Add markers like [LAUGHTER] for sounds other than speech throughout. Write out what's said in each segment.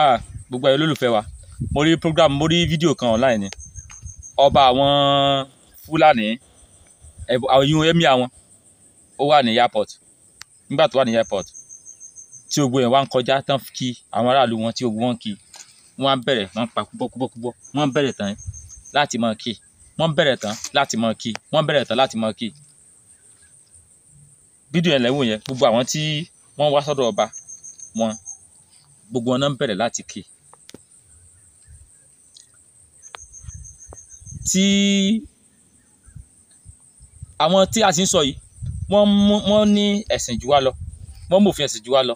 ah gbogbo ẹ̀yin olólùfẹ́ wa mo rí program mo rí fídíò kan online ni ọba àwọn fúlàní àwọn ẹ̀mí àwọn ó wà ní airport nígbà tó wà ní airport tí ogun yẹn wá ń kọjá tán kí àwọn aráàlú wọn tí ogun wọn kì í wọ́n bẹ̀rẹ̀ wọ́n pa kúbọ́kúbọ́kúbọ́ wọ́n bẹ̀rẹ̀ tán láti máa kí wọ́n bẹ̀rẹ̀ tán láti máa kí wọ́n bẹ̀rẹ̀ tán láti máa kí fídíò yẹn lẹ́wọ̀n yẹn gbogbo àwọn tí wọ́n wá sọ́dọ̀ ọba wọn gbogbo wọn náà ń bẹ̀rẹ̀ láti kè tí àwọn tí a sì ń sọ yìí wọ́n wọ́n ní ẹ̀sìn jù wá lọ wọ́n mọ̀fin ẹ̀sìn jù wá lọ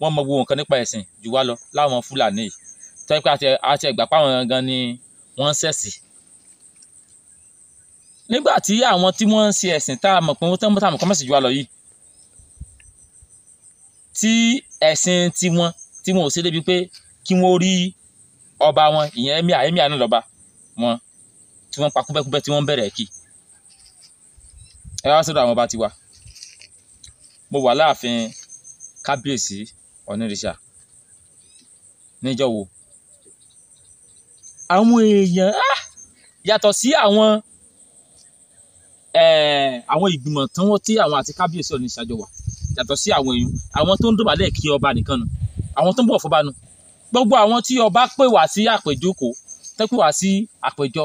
wọ́n mọ gbogbo nǹkan nípa ẹ̀sìn jù wá lọ láwọn fúlàní yìí tó yẹ pé àti ẹ̀gbà páwọn gan ni wọ́n ń ṣẹ̀sì nígbà tí àwọn tí wọ́n ń ṣe ẹ̀sìn tá a mọ̀ pé wọ́n tẹ́ mọ́ tá a mọ̀ kọ́ mẹ́sìn wá lọ yìí tí ẹ̀sìn tiwọn tí wọn ò ṣe débi pé kí wọ́n rí ọba wọn ìyẹn emir emir náà lọ́ba wọn tí wọ́n pa kúbẹ́kúbẹ́ tí wọ́n bẹ̀rẹ̀ kì ẹ wá sọ́dọ̀ àwọn ọba tiwa mo wà láàfin kábíyèsí ọ̀nìrìṣà níjọ́ wo àwọn èèyàn ah! yàtọ̀ sí àwọn eh, àwọn ìgbìmọ̀ tí wọ́n tí àwọn àti kábíyèsí ọ̀nìrìṣà jọ wà yàtọ̀ sí àwọn èèyàn àwọn tó ń dọ̀bálẹ̀ kí ọba nìkan nù àwọn tó ń bọ̀ fún bánu gbogbo àwọn tí ọba pè wá sí àpèjúkò tó pè wá sí àpèjọ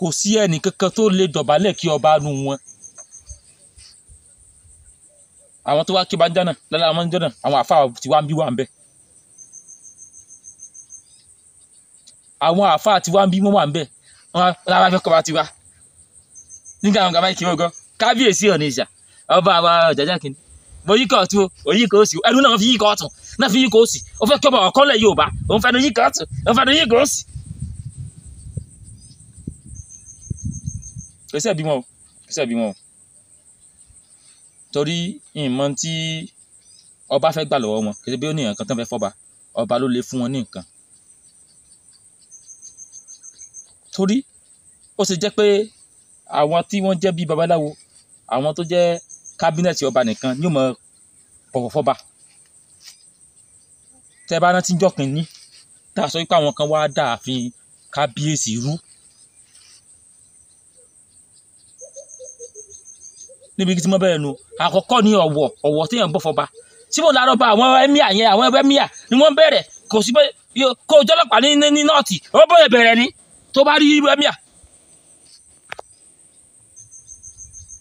kò sí ẹnì kankan tó lè dọ̀bálẹ̀ kí ọba nu wọn àwọn tó wá kí bá ń dáná lọ́la àwọn ń dáná àwọn àfa tí wá ń bí wà ń bẹ àwọn àfa tí wá ń bí wọ́n wà ń bẹ wọn lára fẹ́ kọba tiwa nígbà àwọn gàmáìkì wọn gan kábíyèsí ọ̀nìṣà ọba àwa ọ̀jàjà kìíní mo yíkọ̀ ọ̀tún o yíkọ̀ òsì ẹnu náà fi yíkọ̀ ọ̀tún náà fi yíkọ̀ òsì ó fẹ́ kí ọba ọ̀kọ́lẹ̀ Yorùbá òun fẹ́ nu yíkọ̀ ọ̀tún òun fẹ́ nu yíkọ̀ òsì. pèsè bí wọn o pèsè bí wọn o torí ìmọ̀ tí ọba fẹ́ gbà lọ́wọ́ wọn kìí bí ó ní nǹkan tán fẹ́ fọ́ba ọba ló lè fún wọn ní nǹkan torí ó sì jẹ́ pé àwọn tí wọ́n jẹ́ bíi babaláwo àwọn tó jẹ́ kábínẹ̀tì ọba nìkan ni ó mọ bọ̀wọ̀ fọba tẹ́ bá rántí jọ́ kìíní tá a sọ wípé àwọn kan wá dá ààfin kábíyèsí rú níbi tí mo bẹ̀rẹ̀ nu àkọ́kọ́ ni ọ̀wọ̀ ọ̀wọ̀ téèyàn bọ̀ fọba tí mo lárọ́ bá àwọn ẹ̀míà yẹn àwọn ẹ̀míà ni wọ́n bẹ̀rẹ̀ kò sí pé kó jọlọ́pàá ní ní nọ́ọ̀tì ó bẹ̀rẹ̀ bẹ̀rẹ̀ ni tó bá rí ẹ̀míà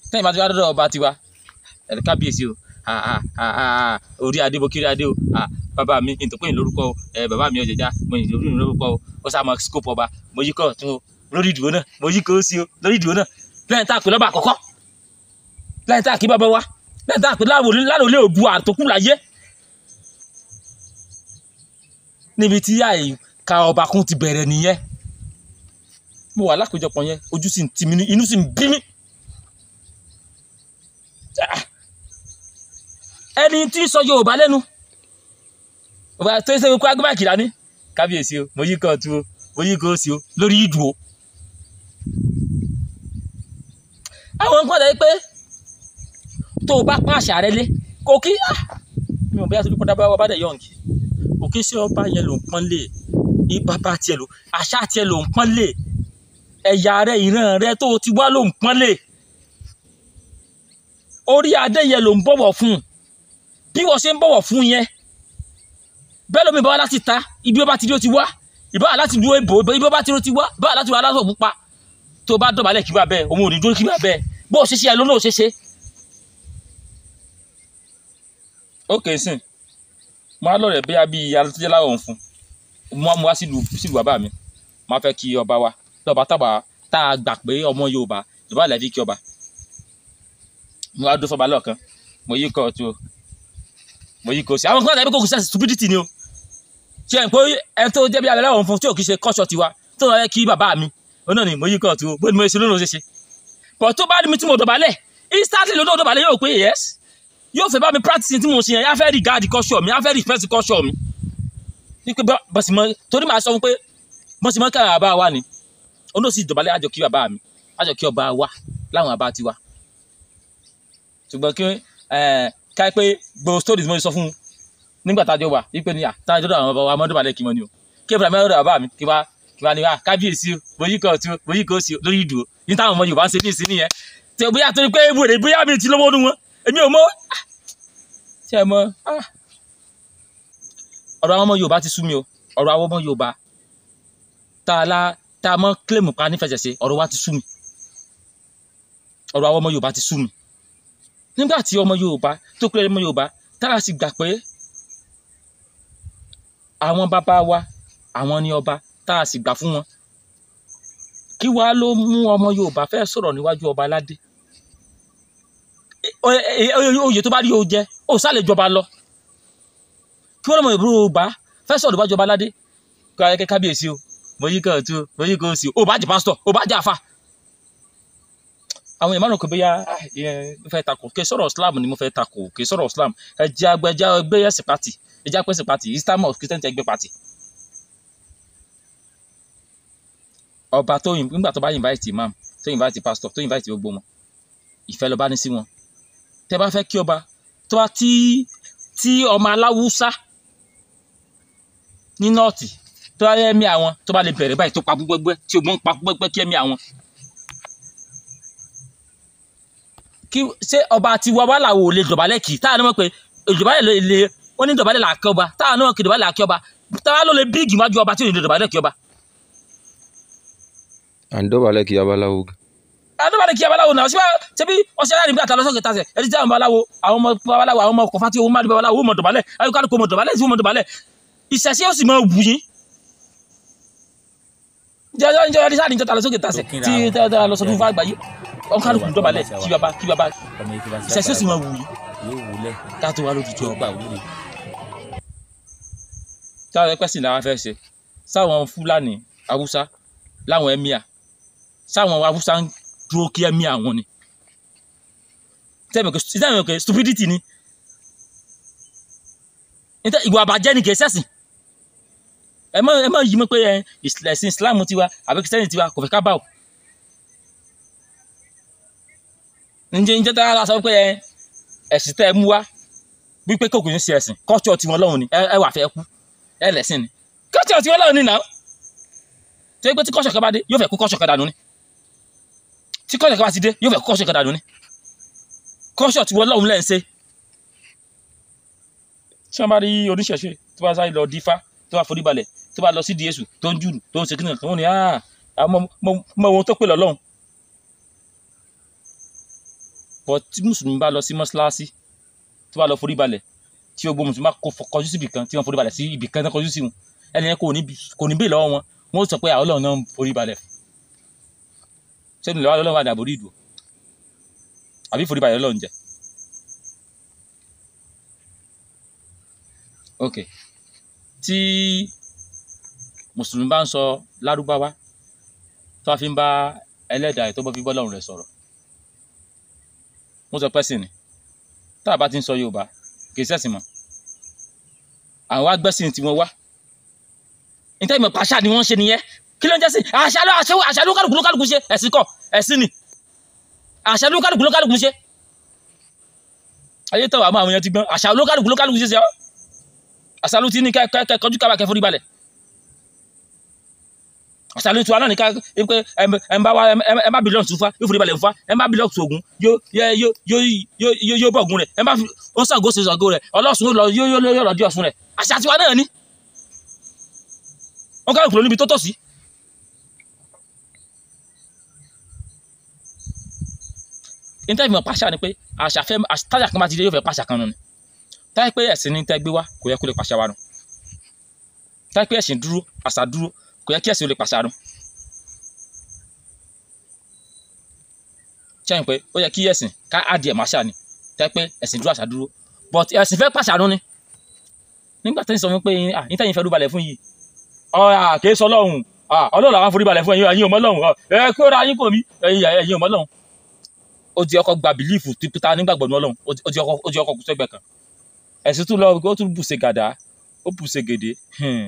tẹ́yìn bá ti wá dọ́dọ̀ ọba tiwa ẹ kábíyèsí o orí adé mo kiri adé o bàbá mi ìtòkùn yìí lórúkọ o bàbá mi ọ̀jẹ̀já mo yìí lórí lórúkọ o ó sá máa scope ọba mo yí kọ́ tún o lórí ìdúró náà mo yí kọ́ sí o lórí ìdúró náà lẹ́yìn tá a pè lọ́ba àkọ́kọ́ lẹ́yìn tá a kí bàbá wa lẹ́yìn tá a pè lálòlé òbu àtòkù láyé níbi tí àìka ọba kún ti bẹ̀rẹ̀ nìyẹn mo wà lákòjọpọ̀ yẹn ojú sì ń tì inú sì ń bí mí ẹni tí ń sọ yorùbá lẹ́nu ọba tó ṣe kó agbábá kìlá ní kábíyèsí o mo yí kan tu o mo yí kan sí o lórí ìdù o. àwọn nǹkan dẹ̀ pé tó o bá pọ́n àṣà rẹ lé kò kí ah, mi ò bẹ́ẹ̀ sọ́dún kọ́ńdà bá wà bá dẹ̀ yọ̀ǹkì kò kí ṣé ọba yẹn ló ń pọ́n lé ní bàbá tiẹ̀ lò àṣà tiẹ̀ ló ń pọ́n lé ẹ̀yà rẹ ìran rẹ tó o ti wá ló ń pọ́n lé orí adé yẹn ló ń bọ̀wọ̀ fún un bí wọ́n ṣe ń bọ̀wọ̀ fún yẹn bẹ́ẹ̀ lómi ìbáwá láti ta ibi ó bá ti dúró ti wá ìbáwá láti dúró ìbò ibi ó bá ti dúró ti wá ìbáwá láti wá aláṣọ pupa tó bá dọ̀bálẹ̀ kí wà bẹ́ẹ̀ òun ò ní dúró kí wà bẹ́ẹ̀ bó o ṣe ṣe àìlónà ò ṣe ṣe. ok sìn máa lọ rẹ bí a bí alátúnjẹ láwọn òun fún mo wá mo wá sílùú sílùú bàbá mi máa fẹ́ kí ọba wa lọ́ba tábà tá a gbà pé ọmọ Yorùbá Yorùbá lẹ́ẹ̀fi kí ọba mo wá dúró fọba lọ́ọ̀kan mo yí kọ́ ọ̀tún Moyi Koiki àwọn kan tàbí kò kì í ṣe stupidity ni o ṣe n pé ẹni tó jẹ́ bí abẹ́lẹ́ ọ̀hún fún tí ò kì í ṣe kọ́ṣọ̀ tiwa tó lọ yẹ kí bàbá mi òun náà ni Moyi Koiki o bóyá mo ṣe lónìí ó ṣe ṣe bọ̀ tó bá mi tí mo dọ̀bálẹ̀ instantly ló dọ̀bálẹ̀ yóò pé yes yóò fẹ́ bá mi practice tí mo ṣe yẹn afẹ́ regard kọ́ṣọ̀ mi afẹ́ respect kọ́ṣọ̀ mi torí màá sọ fún pé mo sì mọ́ kí bàbá wa ni òun náà sì dọ̀bálẹ̀ àjọ kí bàbá mi àjọ kí ọba wa láwọn àbá tiwa ṣùgbọ́n kí káyé pé gbogbo stories mo ti sọ fún un nígbà tájọ wà wípé ní àtàjọdọ àwọn ọba ọmọdé balẹ̀ kí mọ ni o kí ẹ̀fọ́ àmọ́ ọba mi kí wá kí wá ní wá kábíyèsí o bóyí kan tí o bóyí kan sí o lórí ìdúró ní táwọn ọmọ Yorùbá ń ṣe ní ìsín nìyẹn tí bóyá torí pé ewu rè bóyá mi ti lówó nu wọn èmi ò mọ tí ẹ mọ ọ̀rọ̀ àwọn ọmọ Yorùbá ti sú mi o ọ̀rọ̀ àwọn ọmọ Yorùbá tá a la tá a mọ kílèmù pa nífẹsẹsẹ ọ̀rọ̀ wa ti sú mi ọ̀rọ̀ àwọn ọmọ Yorùbá ti sú mi nígbà tí ọmọ yorùbá tó pé ọmọ yorùbá tára sì gbà pé àwọn bàbá wa àwọn ni ọba tára sì gbà fún wọn kí wàá ló mú ọmọ yorùbá fẹ́ sọ̀rọ̀ níwájú ọba aládé oyè tó bá rí o jẹ o sá lè jọba lọ kí wọ́n lọ́mọ yorùbá fẹ́ sọ̀rọ̀ níwájú ọba aládé kí wọ́n ayẹkẹ́ kábíyèsí o mo yí kan tu mo yí kan sí o ò bá jẹ pásítọ̀ o bá jẹ àfà àwọn ìmọ̀ràn kò bóyá ah, mo fẹ́ takò kí sọ̀rọ̀ Islam ni mo fẹ́ takò kí sọ̀rọ̀ Islam ẹ jẹ́ agbẹjẹ́ ẹgbẹ́ ẹ̀sìn pati ẹ jẹ́ apẹ́sìn pati Islam of Christian ẹgbẹ́ pati. ọba tó yìn nígbà tó bá invite imam tó invite pastor tó invite gbogbo wọn ìfẹ́ lọ́ba ní sí wọn tẹ́ bá fẹ́ kí ọba tó bá tí tí ọmọ aláwùsá ní nọ́ọ̀tì tó bá yẹ ẹ̀mí àwọn tó bá lè bẹ̀rẹ̀ báyìí tó pa gbogbo ẹgbẹ́ tí ogun pa gbogbo ẹgbẹ́ kí ẹ̀mí àwọn kí ṣé ọba tiwa wà làwọn ò lè dọ̀bálẹ̀ kì í táwọn náà mọ̀ pé ìdọ̀bálẹ̀ lè wọ́n ní dọ̀bálẹ̀ làkẹ́ ọba táwọn náà kì í dọ̀bálẹ̀ làkẹ́ ọba táwọn ló lè bíìgì májú ọba tí ò ní dọ̀bálẹ̀ kì ọba. à ń dọ̀bálẹ̀ kì abaláwo. à ń dọ̀bálẹ̀ kì abaláwo náà síbá ṣebí ọṣẹ aláàrin bíi àtàlọ́sọ̀kè tasẹ̀ ẹni tí àwọn babaláwo àwọn ọmọ babaláwo àwọn ọmọ kọfà tí òun má dọ̀bálẹ̀ òun mọ̀ dọ̀bálẹ̀ ayọ̀kálùkù mọ̀ dọ̀bálẹ̀ tí òun jọjọ jọjọ ní sáà ní jọta lọ sókè tasẹ̀ tí tẹ́lẹ̀ lọ sọdún fún àgbáyé ọkàlùkù dọ̀bálẹ̀ kí baba kí baba ìṣẹ̀ṣẹ̀ ó sì máa wù yí ká tó wá lójútó ọgbà òwúrẹ̀. táwọn ẹgbẹ́ sì làwọn fẹ́ ṣe sáwọn fúlàní haúsá láwọn ẹ̀míà sáwọn haúsá ń dúró kí ẹ̀míà wọn ni sẹ́mi ọ̀kẹ́ stupidity ni ìwà àbàjẹ́ ni kì í ṣẹ̀sìn ẹ má ẹ má yí mi pé ẹ ẹ̀sìn islam tiwa àbí kìsẹ́yìn tiwa kò fẹ́ ká bá o. ǹjẹ́ ǹjẹ́ tá a sọ pé ẹ ẹ̀sìn tẹ́ ẹ mú wá wípé kò kì í ṣe ẹ̀sìn kọ́tíọ̀ tiwọn lọ́hùn ni ẹ wà fẹ́ kú ẹ lẹ̀sìn ni kọ́tíọ̀ tiwọn lọ́hùn ni nà ó. tó yẹ pé tí kọ́ṣọ̀ kan bá dé yóò fẹ́ kú kọ́ṣọ̀ kan dànù ni tí kọ́ṣọ̀ kan bá ti dé yóò fẹ́ kú kọ́ṣọ̀ kan dànù ni kọ́ṣọ̀ tiwọn lọ́hùn lẹ́ ń ṣe. tí wọ́n bá rí oníṣẹ̀ṣe tó bá sáré lọ dífá tó bá forí balẹ̀ tó bá lọ sí di Jésù tó ń jùlù tó ń ṣe kí nìkan wọn ni ah, ah, mọ ohun tó pè lọ́lọ́run bọ̀ tí mùsùlùmí bá lọ sí mọ́ṣáláṣí tó bá lọ forí balẹ̀ tí gbogbo mùsùlùmí bá kọjú sí ibìkan tí wọ́n forí balẹ̀ sí ibìkan tó kọjú sí wọn ẹni yẹn kò ní bí lọ́wọ́ wọn wọ́n sọ pé àwọn ah, Ọlọ́run náà ń forí balẹ̀ sẹ́nu lọ́wọ́ Ọlọ́run wà dàbò rí ìdùn àbí forí balẹ̀ Ọlọ́run jẹ́ ok tí. Ti mùsùlùmí bá ń sọ lárúbáwá tó wá fi ń bá ẹlẹ́dàá ẹ̀ tó bọ́ fi bọ́ lọ́rùn rẹ̀ sọ̀rọ̀ mo sọ pẹ́sìn ni tá a bá ti ń sọ yorùbá kì í ṣẹ̀sìn mọ́ àwọn wá gbẹ́sìn tí wọ́n wá nítorí ìmọ̀ pàṣà ni wọ́n ń ṣe nìyẹn kí ló ń jẹ́sìn àṣàlú àṣàlú àṣàlú kálukú kálukú ṣe ẹ̀sìn kọ́ ẹ̀sìn ni àṣàlú kálukú kálukú ṣe ayé tẹ̀wọ̀ àmọ́ àwọn yẹn ti gbọ́n àṣàlú kálukú kálukú ṣe ṣe ọ́ àṣàlú ti ní kẹ́kẹ́ kọjú kábàkẹ́ forí balẹ̀ sàlẹ̀ tiwa náà ní ká pé ẹ bá wa ẹ bá bilọ̀n tún fa yóò fi balẹ̀ fa ẹ bá bilọ̀n tún ogun yóò yóò bọ̀ ogun rẹ̀ ẹ bá ó sàgó ṣe sàgó rẹ̀ ọlọ́sùn yóò yóò lọ di ọ̀sùn rẹ̀ àṣà tiwa náà ni wọn káyọ̀ kúrò níbi tó tọ̀ sí. intanet mọ̀ pàṣà ni pé àṣà fẹ́ tájà kan bá ti dé yóò fẹ́ pàṣà kan nù ni táyà pé ẹ̀sìn ní tẹ́ gbé wá kò yẹ kó lè pàṣà wa nù táyà pé ẹ̀sìn dúró àṣà dúró kò yẹ kí ẹ̀sìn olè pàṣẹ àrùn ṣe pé ó yẹ kí ẹ̀sìn ká adìẹ máa ṣà ni tẹ́ pé ẹ̀sìn dúró àṣà dúró but ẹ̀sìn fẹ́ pàṣẹ àrùn ni nígbà tó ń sọ fún pé ní tẹ́yìn fẹ́ rúbalẹ̀ fún yìí ọ̀rà kìí sọ lọ́hùn ọlọ́run àwọn foríbalẹ̀ fún ẹ̀yin ẹ̀yin ọmọ lọ́hùn ẹ kí ó ra yín kò mí ẹ̀yin ọmọ lọ́hùn ó di ọkọ̀ gba bìlífù tìpítà nígbàgbọ́ ní ọlọ́run ó di ọkọ̀ kùsọ́ ẹgbẹ́ kan ẹ̀sìn tún lọ ó tún bùṣe gàdá ó bùṣe gèdè hmm.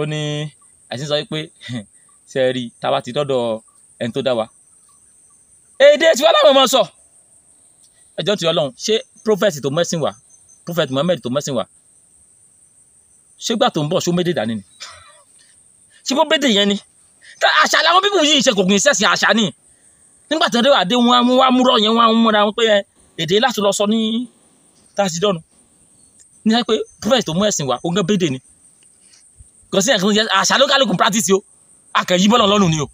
ó ní àti sọ pé [LAUGHS] ṣe rí táwa ti dọ́dọ̀ ẹni tó dá wa èdè tí wọ́n láwọn ọmọ sọ ẹjọ́ ti ọlọ́run ṣé prophet tó mẹ́sìn wá prophet Muhammad tó mẹ́sìn wá ṣégbà tó ń bọ̀ ṣó méjì dání ni [LAUGHS] ṣé bó méjì yẹn ni àṣà làwọn bíbù yìí ṣe kò gbìn sẹ́sìn àṣà ni nígbà tó dé wà dé wọn wá múrọ̀ yẹn wọn múra wọn pé èdè láti lọ sọ ní tásídọ́nù ní sẹ́ pé prophet tó mú ẹ̀sìn wá ó gán bédè ni kò sí ẹ̀kan àṣà lókàlùkù practice o akẹ̀yí bọ́lọ̀ lọ́rùn ni o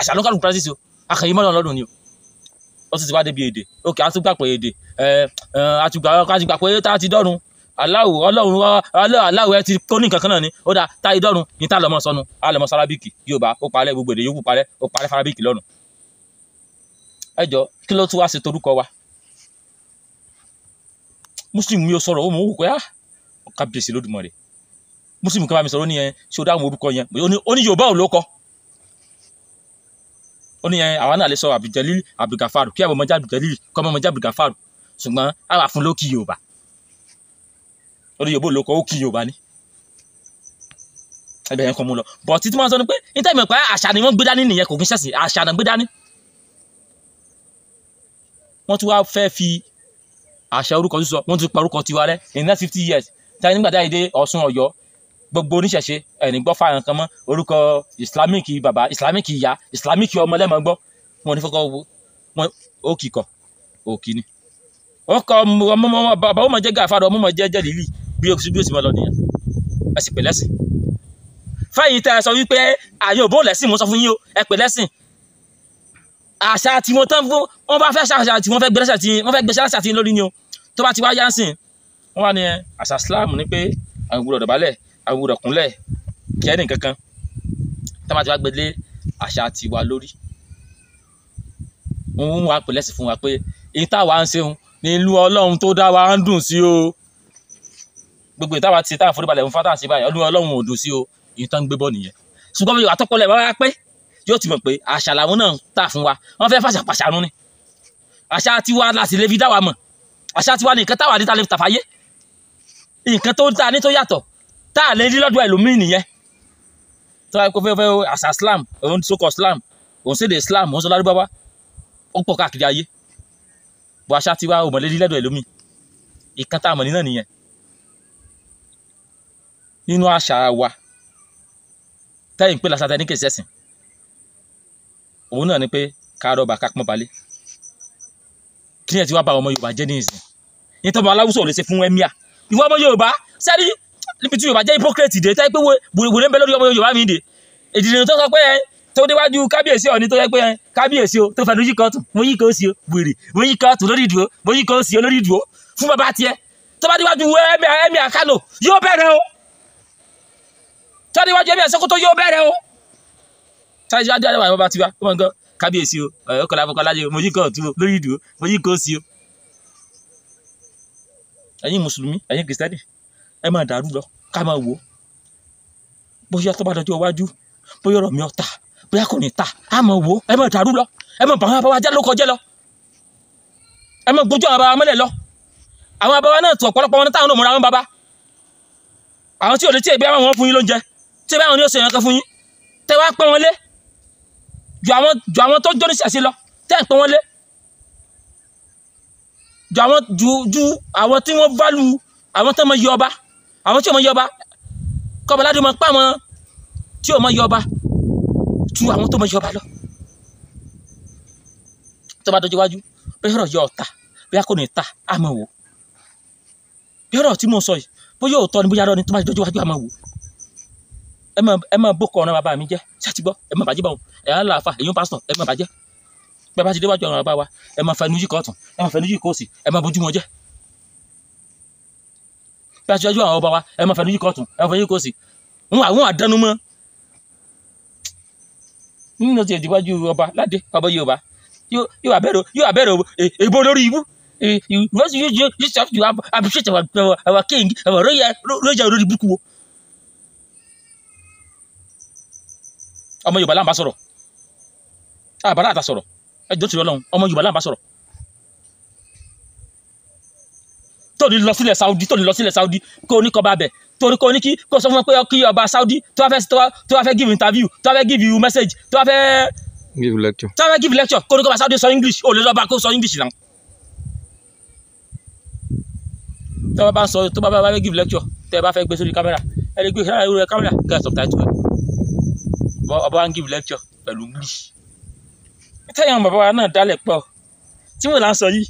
àṣà lókàlùkù practice o akẹ̀yí bọ́lọ̀ lọ́rùn ni o ó sì ti wá débi èdè ok a tún gbà pé èdè ẹ ẹ a ti gbà pé tá a ti dọ́run aláwò ọlọ́run aláwò ẹ ti kó ní kankan náà ni ó dá tá a dọ́run ní tá a lọ́mọ sọnù a lọ́mọ sárábìkì Yorùbá ó parẹ́ gbogbo èdè yòókù parẹ́ ó parẹ́ fárábìkì lọ́rùn Muslim yóò sọ̀rọ̀ ó mọ̀ ó wù muslim kan bá mi sọ̀rọ̀ ní yẹn ṣé o dáhùn orúkọ yẹn ó ní yorùbá ò ló kọ ó ní yẹn àwa náà lè sọ abduljalil abdulgafaru kí àwọn ọmọdé abduljalil kọ́ ọmọdé abdulgafaru ṣùgbọ́n àwa fún ló yorùbá ó ní yorùbá ò ló kọ ó kí yorùbá ni ẹbẹ yẹn kọ mú lọ bọ títí máa ń sọ ni pé níta ìmọ̀ pé àṣà ni wọ́n gbé dání nìyẹn kò kí n ṣẹ̀sì àṣà náà gbé dání wọ́n tún wá fẹ́ fi àṣà orúkọ sísọ wọ́n tún pa orúkọ tiwa rẹ in the next fifty years ta nígbà tá a yìí dé Ọ̀ṣun Ọ̀yọ́ gbogbo oníṣẹ̀ṣe ẹni gbọ́ fáwọn kan mọ́ orúkọ islamic bàbá islamic ìyá islamic ọmọ lẹ́mọ̀ gbọ́ wọn ní fọkọ wọn ó kìkọ̀ òkì ni wọn kọ ọmọ bàbá ọmọ jẹ́ gàfàdọ̀ ọmọ jẹ́ jẹ́ lílì bí o bí o sì mọ lọ nìyẹn ẹ sì pè lẹ́sìn fẹ́yìn tẹ́ ẹ sọ wípé àyè òbó lẹ́sìn mo sọ fún yín o ẹ pè lẹ́sìn àṣà tí wọ́n tán fún wọ́n bá fẹ́ ṣàṣà tí wọ́n fẹ́ gbẹ́sẹ̀ tí wọ́n fẹ́ gbẹ́sẹ̀ àti lórí ni o tó bá ti wá yá ń sìn wọ́n wá ní àṣà Islam ní pé àwọn gbọ́dọ̀ àwòrán kúnlẹ̀ kí ẹnì kankan tá a bá ti wá gbé lé àṣà tiwa lórí òun wá pè lẹ́sìn fún wa pé èyí táwa ń ṣeun ní ìlú ọlọ́run tó dá wa ń dùn sí o gbogbo ìtawà ti táà foríbalẹ̀ fún fátà sí báyìí ọdún ọlọ́run ò dùn sí o èyí tán ń gbé bọ̀ nìyẹn ṣùgbọ́n bí àtọ́pọ̀lẹ̀ bá wá pé yóò ti mọ̀ pé àṣà làwọn náà ń tà fún wa wọ́n fẹ́ fàṣà pàṣàrún ni àṣà tiwa láti lè fi dá wa mọ̀ àṣà tiwa ni nǹkan táwa ní ta lè tàfáyé nǹkan tó ń ta ní tó yàtọ̀ ta tá a lè rí lọ́dọ̀ ẹlòmíì nìyẹn tó wáyé kó fẹ́ fẹ́ àṣà Islam òun ti sókọ̀ Islam òun ṣèdè Islam òun sọ lárúbáwá ó pọ̀ káàkiri ayé bó aṣá ti wá ò mọ̀ lè rí lọ́dọ̀ ẹlòmíì ìkan tá a mọ̀ ní náà nìyẹn nínú àṣà wa tẹ́yìn pé làṣà tẹ́ni kèsì ẹ̀sìn òun náà ni pé káàárọ̀ bá kápọ́n balẹ̀ kí ni ẹ̀ ti wá ba ọmọ Yorùbá jẹ́ ní ìsìn ní tọ́mọ aláwùsọ̀ ò lè ṣe fún ẹ̀míà ìwọ ọmọ Yorùbá sẹ́ni níbi tí yorùbá jẹ́ hypocrite dé tẹ́ pé wèrè ń bẹ lórí ọmọ yorùbá mi dé èdìdìrìn tó sọ pé tó déwájú kábíyèsí ọ̀ní tó yẹ pé kábíyèsí o tó fẹnu yíkan tún mo yíkan sí o wèrè mo yíkan ó tún lórí ìdúró mo yíkan sí o lórí ìdúró fún bàbá tiẹ̀ tó bá déwájú ẹ̀mí àkànò yóò bẹ̀rẹ̀ o tó déwájú ẹ̀mí àsọ́kótó yóò bẹ̀rẹ̀ o sáyé síwájú àdéhùn àwọn bàbá tiwa ó mọ̀ nǹkan kábíyèsí o ọ̀yọ́kọ̀lá fọkànláyé mo yíkan ó tún lórí ìdúró mo yíkan sí o ẹ̀yin mùsùlùmí ẹ̀yin kìrìsìtẹ́nì ẹ máa dàrú lọ ká máa wò ó bóyá tó bá dọjọ́ iwájú bóyá ọ̀rọ̀ mi ọ̀ ta bóyá kò ní ta á máa wò ó ẹ máa dàrú lọ ẹ máa bà wọn àbáwá jẹ́ ló kọjá lọ ẹ máa gbójú àwọn àbáwá mọ́lẹ̀ lọ àwọn àbáwá náà tún ọ̀pọ̀lọpọ̀ wọn táwọn náà múra wọn bàbá àwọn tí ò lè tí èbí àwọn fún yín lóúnjẹ tí èbí àwọn ní òṣèlú kan fún yín tẹ wá pọ́n wọn lé ju àwọn tó jóni sẹ̀sí lọ tẹ́ ń pọ́n wọn lé ju àwọn ju ju àwọn tí àwọn tó máa yọ ọba àwọn tí ò mọ yọba kọba ládùn mọ pàmò tí ò mọ yọba ju àwọn tó mọ yọba lọ tó bá dọjọ́ iwájú bóyá ọ̀rọ̀ yọ ọ̀tá bóyá kò ní ta á mọ̀ wò bóyá ọ̀rọ̀ tí mo sọ yìí bóyá òótọ́ ni bóyá ọ̀rọ̀ tó bá dọjọ́ iwájú á mọ̀ wò ẹ má bókọ ọ̀nà bàbá mi jẹ́ ṣáàtì gbọ́ ẹ má bàjẹ́ báwọn ẹ̀ á là àfa èyí ń pásítọ̀ ẹ má bàjẹ́ bẹ́ẹ̀ bá ti déwájú ọ̀nà bàbá wa ẹ má fẹnu yìí kọ̀ọ̀tún ẹ má fẹnu yìí kọ̀ọ̀sì ẹ má bójú wọn jẹ́ bí a ṣe yọjú àwọn ọba wa ẹ máa fẹnu yíkọ ọ̀tún ẹ máa fẹnu yíkọ òsì wọn àwọn àdánù mọ́ nínú ti ìdíwájú ọba ládé ọba yorùbá yóò abẹ́rẹ́ yóò abẹ́rẹ́ èbó e, lórí ibú because you you you have to appreciate our our, our king our royal royal olórí burúkú wo. ọmọ yorùbá láǹbá sọ̀rọ̀ àbárà àtà sọ̀rọ̀ ẹjọ́ tìrọ̀ lọ́hùn ọmọ yorùbá láǹbá sọ̀rọ̀. tó ní lọ sílẹ̀ Saudi tó ní lọ sílẹ̀ Saudi kó ní kọba bẹ̀ torí kó ní kí kó sọ fún wọn kí ọba Saudi tó wá fẹ́ tó wá fẹ́ give interview tó wá fẹ́ give you message tó wá fẹ́. give lecture. tó wá fẹ́ give lecture kó ní kọba Saudi sọ English ò lè lọ́ba kó sọ English náà. tó bá bá sọ tó bá bá fẹ́ give lecture tẹ́ ẹ bá fẹ́ gbé sórí kámẹ́rà ẹ lè gbé sórí kámẹ́rà kí ẹ subtitle ẹ ọba wa ń give lecture pẹ̀lú English tẹ́yàn bàbá wa náà dálẹ̀ pọ̀ tí mo là ń sọ yìí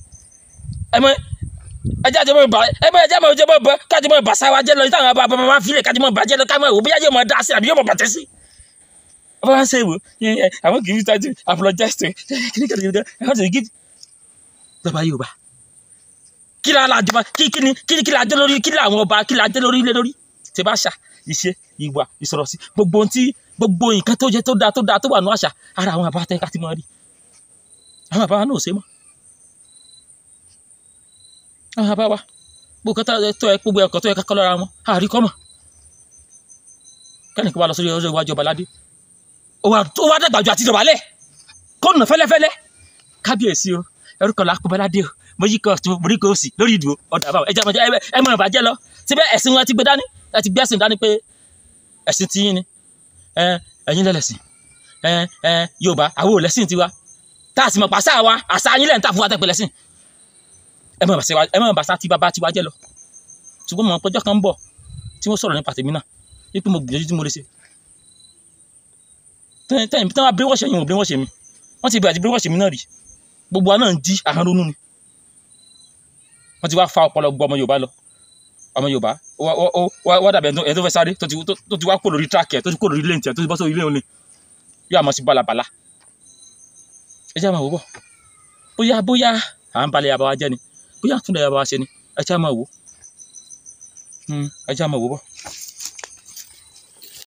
ẹ mọ ẹjẹ àti ọmọ ìbá ẹgbẹ ẹjẹ àmọ ìjọba ìbá káàdì mọ ìbá sáwá jẹ lọ ìtàn àwọn bàbá bàbá fílẹ káàdì mọ ìbá jẹ lọ káàmọ ìwò bóyá yóò mọ dá sí àbí yóò mọ bàtẹ apologize to kíni kàdé kàdé àwọn sì give bàbá Yorùbá kí la la jọba kí kíni kíni kí la dé lórí kí la àwọn ọba kí la dé lórí ilé lórí tí bá ṣà ìṣe ìwà ìsọ̀rọ̀ sí gbogbo ohun tí gbogbo nǹkan tó jẹ tó dáa tó dáa tó wà nù àṣà ara àwọn àbá tẹ ká ti mọ rí àwọn àbá náà ò ṣe mọ́ àbá wa gbogbo kẹta eh, tó ẹ gbogbo ẹ̀kọ́ tó ẹ kẹ́kọ̀ọ́ lára wọn àrí kọmọ kẹ́nìkan wa lọ sórí ọjọ́ iwájú ọba ládé ó wá dàgbàjọ àti ìjọba lẹ̀ kọ́nà fẹ́lẹ́fẹ́lẹ́ kábíyèsí o ẹrú kan lápò bọ́ládé o méjì kan tó borí kan òsì lórí ìdúró ọ̀dà àbáwọ̀ ẹ̀jẹ̀ àmọ́jẹ́ ẹ mọ̀ ìbàjẹ́ lọ síbẹ̀ ẹ̀sìn wọn ti gbé dání ẹ gbé ẹ̀sìn dání pé ẹ̀sìn ti yín ni ẹ̀yin lẹ́lẹ̀sìn Yorùbá àwọn òlẹ́sìn tiwa tá a sì mọ̀ pàṣẹ àwa àṣà yín lẹ́yìn tá a fún wa tẹ́pẹ́ lẹ́sìn ẹ mọ̀ bàṣà tí bàbá tiwa jẹ́ lọ ṣùgbọ́n mọ̀ pẹ́jọ́ kan ń bọ̀ tí wọ́n sọ̀rọ̀ nípa tèmi náà wípé mo gbìyànjú tí mo lè ṣe tẹ́yìn tí wọ́n bá bírọ́ọ̀ṣì ẹ̀yìn ò bírọ́ọ̀ṣì mi wọ́n ti bẹ̀rẹ̀ àti bírọ́ọ̀ṣì mi náà rí gbogbo wa náà ń dí ahọ́n ronú ni wọ́n ti wá fa ọpọlọ gbọ́ ọmọ Yorùbá lọ ọmọ Yorùbá wá dàbí ẹni tó fẹ́ sáré tó ti wá kó lórí tíráàkì ẹ̀ tó ti kó lórí lẹ́ǹtì ẹ̀ tó ti bọ́ sórí ilé òní yóò àmọ́ sí balabala ẹ jẹ́ àmọ́ àwòbọ̀ bóyá bóyá à ń balẹ̀ àbáwá jẹ́ ni bóyá àtúndà yà bá ṣe ni ẹ já máa wò hmm, ẹ já máa wò bọ̀.